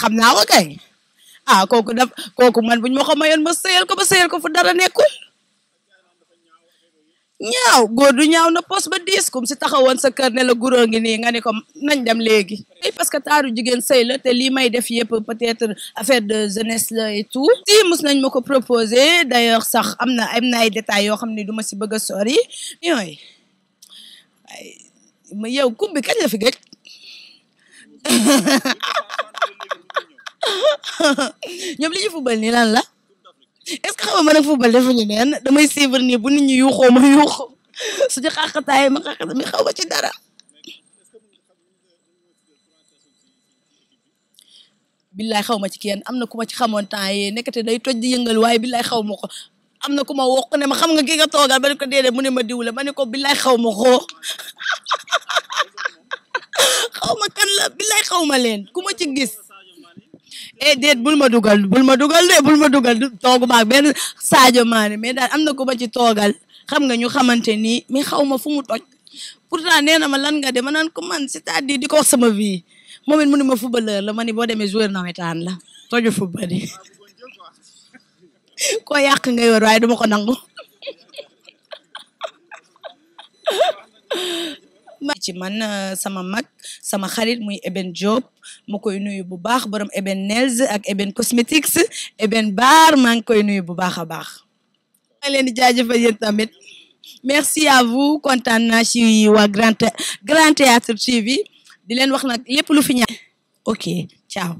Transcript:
xamna wa kay ah koku daf koku man buñ ma ko mayoon ma sëyal ko ba sëyal ko fu dara nekul ñaaw góor du ñaaw na pos ba dis kum ci taxawon sa keur ne la guro ngi ni nga ni ko nañ dem ay eh, parce que taru jigen sey la eh, te li may def yep peut-être affaire de jeunesse la et tout ti mus nañ mako proposer d'ailleurs sax amna ay détails yoo xam ne bëgg yow kumbi kañ la fi gëj ñoom li ñu football nii lan la est-ce que xam nga man ak football defuñu neen damay suivre nii bu ni ñi yuuxoo ma yuuxoo suñu xàqataay ma mi xaw ma ci dara. billaay xaw ma ci kenn am na ku ma ci xamoon temps yii day toj di yëngal waaye billaay xaw ma ko am na ku ma wokk ne ma xam nga ki nga toogal ba ne ko déedéet mu ne ma diwle ma ne ko billaay xaw ma ko xaw ma kan la billaay xaw leen ku ma ci gis. eh déet bul ma dugal bul ma dugal de bul ma dugal toogu maag benn Sadio Mané mais daal am na ko ma toogal xam nga ñu xamante ni mais xaw ma fu mu toj pourtant nee na ma lan nga de ma naan ko man c'est-à-dire di ko sama vie moom it mu ne ma footballeur la ma ni boo demee joueur nawetaan la toju football yi ko yàq ngay yor waaye duma ko nangu ci man euh, sama mag sama xarit muy Eben Diop ma koy nuyu bu baax borom Eben Nails ak Eben Cosmetics Eben Bar maa ngi koy nuyu bu baax a baax. maa di jaajëfal yéen tamit merci à vous kontaan naa ci waa Grand Grand Théâtre TV di leen wax nag lépp lu fi ñaan ok ciao.